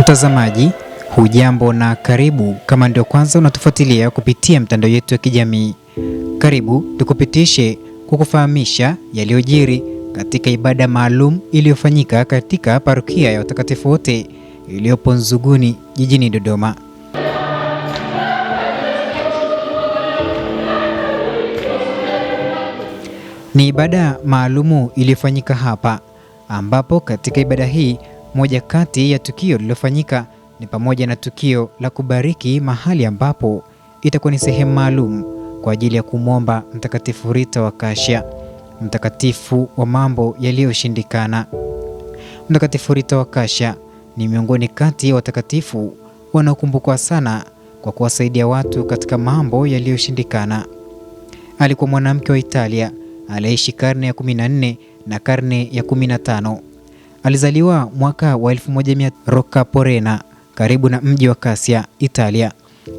Mtazamaji hujambo na karibu. Kama ndio kwanza unatufuatilia kupitia mtandao yetu wa kijamii, karibu tukupitishe kukufahamisha yaliyojiri katika ibada maalum iliyofanyika katika parokia ya watakatifu wote iliyopo Nzuguni jijini Dodoma. Ni ibada maalumu iliyofanyika hapa, ambapo katika ibada hii moja kati ya tukio lililofanyika ni pamoja na tukio la kubariki mahali ambapo itakuwa ni sehemu maalum kwa ajili ya kumwomba Mtakatifu Rita wa Kashia, mtakatifu wa mambo yaliyoshindikana. Mtakatifu Rita wa Kashia ni miongoni kati ya watakatifu wanaokumbukwa sana kwa kuwasaidia watu katika mambo yaliyoshindikana. Alikuwa mwanamke wa Italia aliyeishi karne ya 14 na karne ya 15. Alizaliwa mwaka wa 1100 Rocaporena karibu na mji wa Kasia, Italia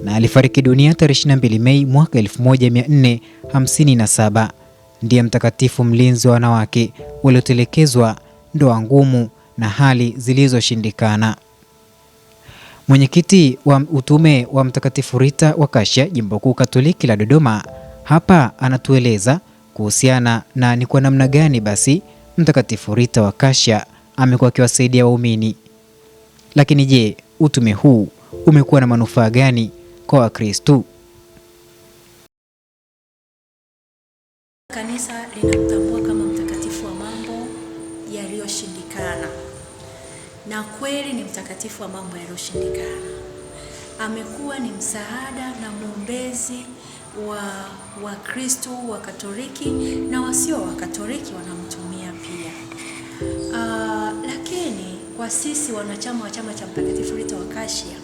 na alifariki dunia tarehe 22 Mei mwaka 1457. Ndiye mtakatifu mlinzi wa wanawake waliotelekezwa, ndoa ngumu na hali zilizoshindikana. Mwenyekiti wa utume wa Mtakatifu Rita wa kasia jimbo kuu Katoliki la Dodoma, hapa anatueleza kuhusiana na ni kwa namna gani basi Mtakatifu Rita wa Kasha amekuwa akiwasaidia waumini. Lakini je, utume huu umekuwa na manufaa gani kwa Wakristo? Kanisa linamtambua kama mtakatifu wa mambo yaliyoshindikana, na kweli ni mtakatifu wa mambo yaliyoshindikana. Amekuwa ni msaada na mwombezi wa Wakristo wa Katoliki na wasio wa Katoliki wanamtumia pia. Uh, lakini kwa sisi wanachama wa chama cha Mtakatifu Rita wa Kashia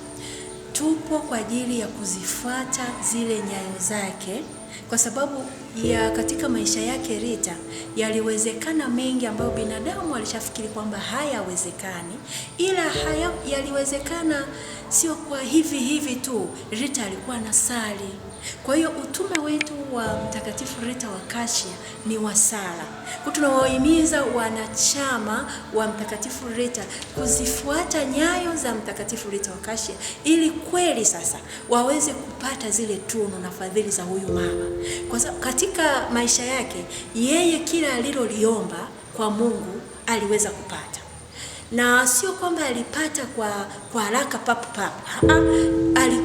tupo kwa ajili ya kuzifuata zile nyayo zake kwa sababu ya katika maisha yake Rita yaliwezekana mengi ambayo binadamu alishafikiri kwamba hayawezekani, ila haya yaliwezekana sio kwa hivi hivi tu. Rita alikuwa na sali. Kwa hiyo utume wetu wa Mtakatifu Rita wa Kashia ni wa sala. Tunawahimiza wanachama wa Mtakatifu Rita kuzifuata nyayo za Mtakatifu Rita wa Kashia ili kweli sasa waweze kupata zile tunu na fadhili za huyu mama kwa sababu katika maisha yake yeye kila aliloliomba kwa Mungu aliweza kupata, na sio kwamba alipata kwa kwa haraka papu papu.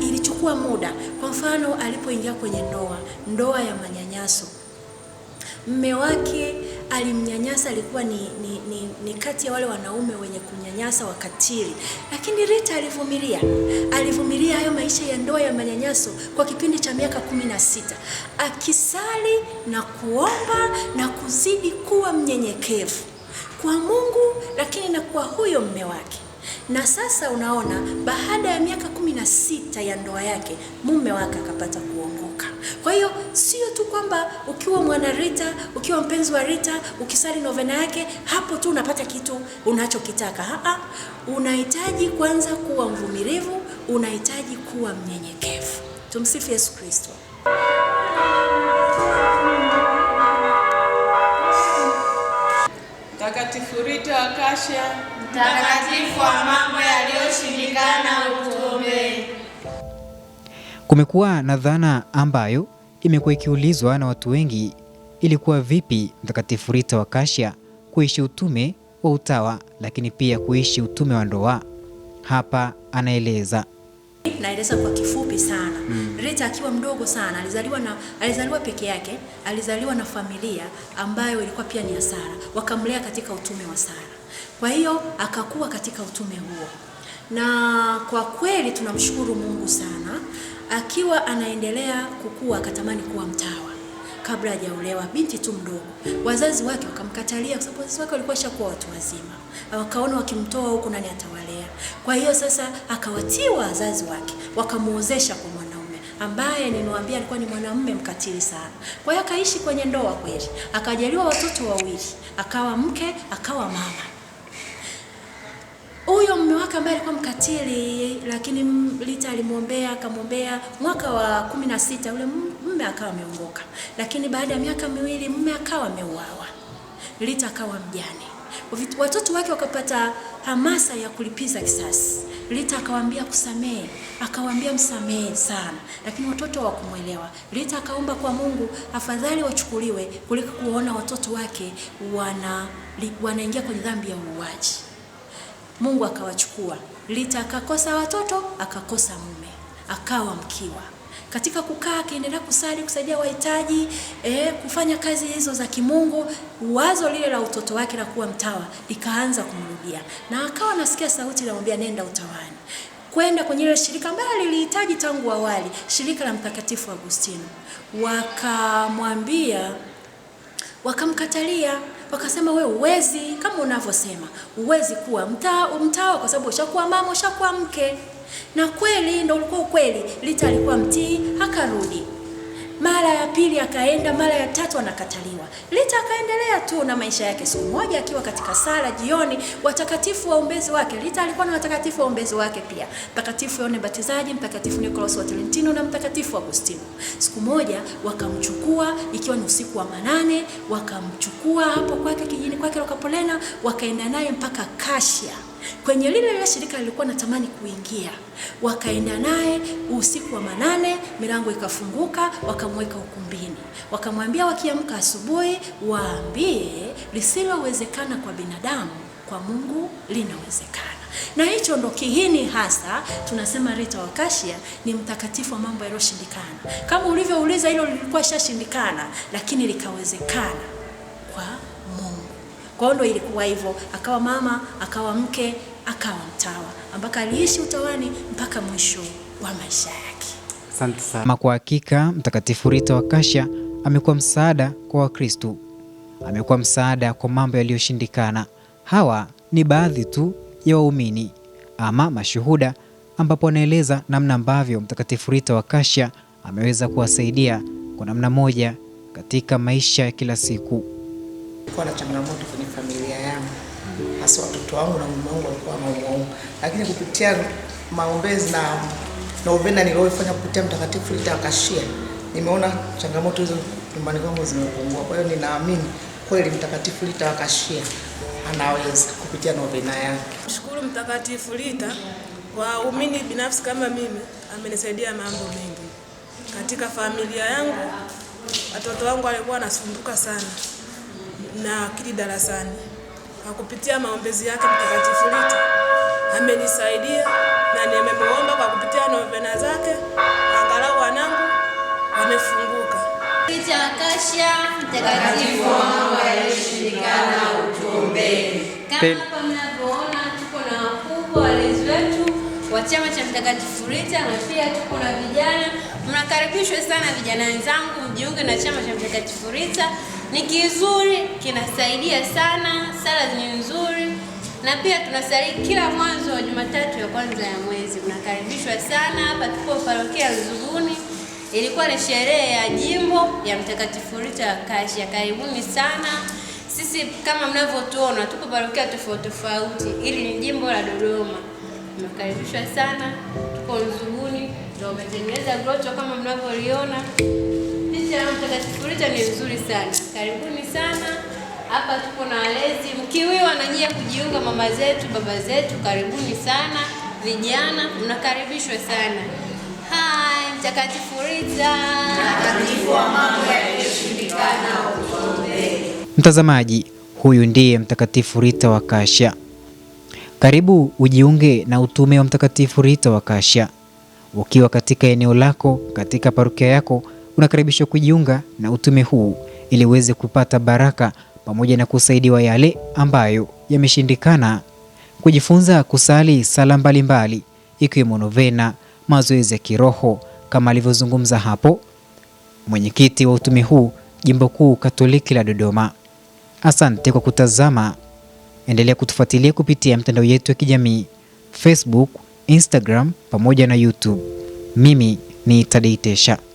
ilichukua muda. Kwa mfano, alipoingia kwenye ndoa, ndoa ya manyanyaso, mme wake alimnyanyasa alikuwa ni, ni, ni, ni kati ya wale wanaume wenye kunyanyasa wakatili, lakini Rita alivumilia. Alivumilia hayo maisha ya ndoa ya manyanyaso kwa kipindi cha miaka kumi na sita akisali na kuomba na kuzidi kuwa mnyenyekevu kwa Mungu, lakini na kwa huyo mme wake na sasa unaona, baada ya miaka kumi na sita ya ndoa yake mume wake akapata kuongoa kwa hiyo sio tu kwamba ukiwa mwana Rita, ukiwa mpenzi wa Rita, ukisali novena yake hapo tu unapata kitu unachokitaka. Aa, unahitaji kwanza kuwa mvumilivu, unahitaji kuwa mnyenyekevu. Tumsifu Yesu Kristo. Mtakatifu Rita wa Kasha, mtakatifu wa mambo yaliyoshindikana, utuombee. Kumekuwa na dhana ambayo imekuwa ikiulizwa na watu wengi, ilikuwa vipi Mtakatifu Rita wa Kashia kuishi utume wa utawa, lakini pia kuishi utume wa ndoa. Hapa anaeleza naeleza kwa kifupi sana mm. Rita akiwa mdogo sana alizaliwa na alizaliwa peke yake, alizaliwa na familia ambayo ilikuwa pia ni ya wakamlea katika utume wa Sara. Kwa hiyo akakuwa katika utume huo, na kwa kweli tunamshukuru Mungu sana Akiwa anaendelea kukua akatamani kuwa mtawa kabla hajaolewa, binti tu mdogo. Wazazi wake wakamkatalia kwa sababu wazazi wake walikuwa shakuwa watu wazima, wakaona wakimtoa huku nani atawalea. Kwa hiyo sasa akawatiwa wazazi wake, wakamuozesha kwa mwanaume ambaye nimewambia alikuwa ni mwanamume mkatili sana. Kwa hiyo akaishi kwenye ndoa kweli, akajaliwa watoto wawili, akawa mke, akawa mama mwaka ambaye alikuwa mkatili, lakini Lita alimwombea akamwombea. Mwaka wa kumi na sita ule mume akawa ameongoka, lakini baada ya miaka miwili mume akawa ameuawa, Lita akawa mjane. Watoto wake wakapata hamasa ya kulipiza kisasi. Lita akawaambia kusamehe, akawaambia msamehe sana, lakini watoto hawakumwelewa. Lita akaomba kwa Mungu afadhali wachukuliwe kuliko kuona watoto wake wana wanaingia kwenye dhambi ya uuaji. Mungu akawachukua. Lita akakosa watoto, akakosa mume, akawa mkiwa. Katika kukaa akiendelea kusali, kusaidia wahitaji, eh, kufanya kazi hizo za kimungu, wazo lile la utoto wake la kuwa mtawa ikaanza kumrudia, na akawa nasikia sauti inamwambia nenda utawani kwenda kwenye ile shirika ambalo lilihitaji tangu awali, shirika la Mtakatifu Agustino. Wakamwambia wakamkatalia, wakasema we uwezi, kama unavyosema uwezi kuwa mtaa mtaa, kwa sababu ushakuwa mama, ushakuwa mke. Na kweli ndo ulikuwa ukweli. Lita alikuwa mtii, akarudi mara ya pili akaenda, mara ya tatu anakataliwa. Lita akaendelea tu na maisha yake. Siku moja akiwa katika sala jioni, watakatifu waombezi wake, Lita alikuwa na watakatifu waombezi wake pia, Mtakatifu Yohane Mbatizaji, Mtakatifu Nicholas wa Trentino na Mtakatifu Agustino. Siku moja wakamchukua, ikiwa ni usiku wa manane, wakamchukua hapo kwake kijini kwake Lokapolena, wakaenda naye mpaka Kashia kwenye lile lile shirika lilikuwa natamani kuingia, wakaenda mm. naye usiku wa manane, milango ikafunguka, wakamweka ukumbini, wakamwambia wakiamka asubuhi waambie lisilowezekana kwa binadamu kwa Mungu linawezekana. Na hicho ndo kihini hasa tunasema Rita wa Kashia ni mtakatifu wa mambo yaliyoshindikana. Kama ulivyouliza, hilo lilikuwa shashindikana, lakini likawezekana kwa kwa hiyo ilikuwa hivyo, akawa mama, akawa mke, akawa mtawa, ambako aliishi utawani mpaka mwisho wa maisha yake. Asante sana. Kwa hakika Mtakatifu Rita wa Kasha amekuwa msaada kwa Wakristo, amekuwa msaada kwa mambo yaliyoshindikana. Hawa ni baadhi tu ya waumini ama mashuhuda, ambapo anaeleza namna ambavyo Mtakatifu Rita wa Kasha ameweza kuwasaidia kwa namna moja katika maisha ya kila siku. Nilikuwa na changamoto kwenye familia yangu, hasa watoto wangu na mume wangu walikuwa wanaumwaumwa, lakini kupitia maombezi na na uvenda niliofanya kupitia Mtakatifu Rita Akashia, nimeona changamoto hizo nyumbani kwangu zimepungua. Kwa hiyo ninaamini kweli Mtakatifu Rita Akashia anaweza kupitia novena yake. Mshukuru Mtakatifu Rita kwa umini binafsi kama mimi, amenisaidia mambo mengi katika familia yangu. Watoto wangu walikuwa wanasumbuka sana na akili darasani. Kwa kupitia maombezi yake Mtakatifu Rita amenisaidia na nimemwomba kwa kupitia novena zake angalau wanangu wamefunguka. Akasha mtakatifu wangu utuombeni. Kama hapa mnavyoona, tuko na wakubwa walezi wetu wa chama cha Mtakatifu Rita na pia tuko na vijana Mnakaribishwa sana vijana wenzangu, mjiunge na chama cha Mtakatifu Rita. Ni kizuri, kinasaidia sana, sala ni nzuri, na pia tunasali kila mwanzo wa Jumatatu ya kwanza ya mwezi. Mnakaribishwa sana. Hapa tuko parokia Nzuguni, ilikuwa ni sherehe ya jimbo ya Mtakatifu Rita wa Kashia. Karibuni sana. Sisi kama mnavyotuona tuko parokia tofauti tofauti, ili ni jimbo la Dodoma. Mnakaribishwa sana, tuko Nzuguni ndio umetengeneza groto kama mnavyoiona. Picha ya Mtakatifu Rita ni nzuri sana, karibuni sana. Hapa tuko na walezi, mkiwiwa na nyie kujiunga, mama zetu, baba zetu, karibuni sana. Vijana mnakaribishwa sana. Hai Mtakatifu Rita, mtakatifu wa mambo yaliyoshindikana, utuombee. Mtazamaji, huyu ndiye Mtakatifu Rita wa Kasha. Karibu ujiunge na utume wa Mtakatifu Rita wa Kasha. Ukiwa katika eneo lako, katika parokia yako, unakaribishwa kujiunga na utume huu ili uweze kupata baraka pamoja na kusaidiwa yale ambayo yameshindikana, kujifunza kusali sala mbalimbali ikiwemo novena, mazoezi ya kiroho kama alivyozungumza hapo mwenyekiti wa utume huu Jimbo Kuu Katoliki la Dodoma. Asante kwa kutazama. Endelea kutufuatilia kupitia mtandao yetu ya kijamii Facebook Instagram pamoja na YouTube. Mimi ni Tadei Tesha.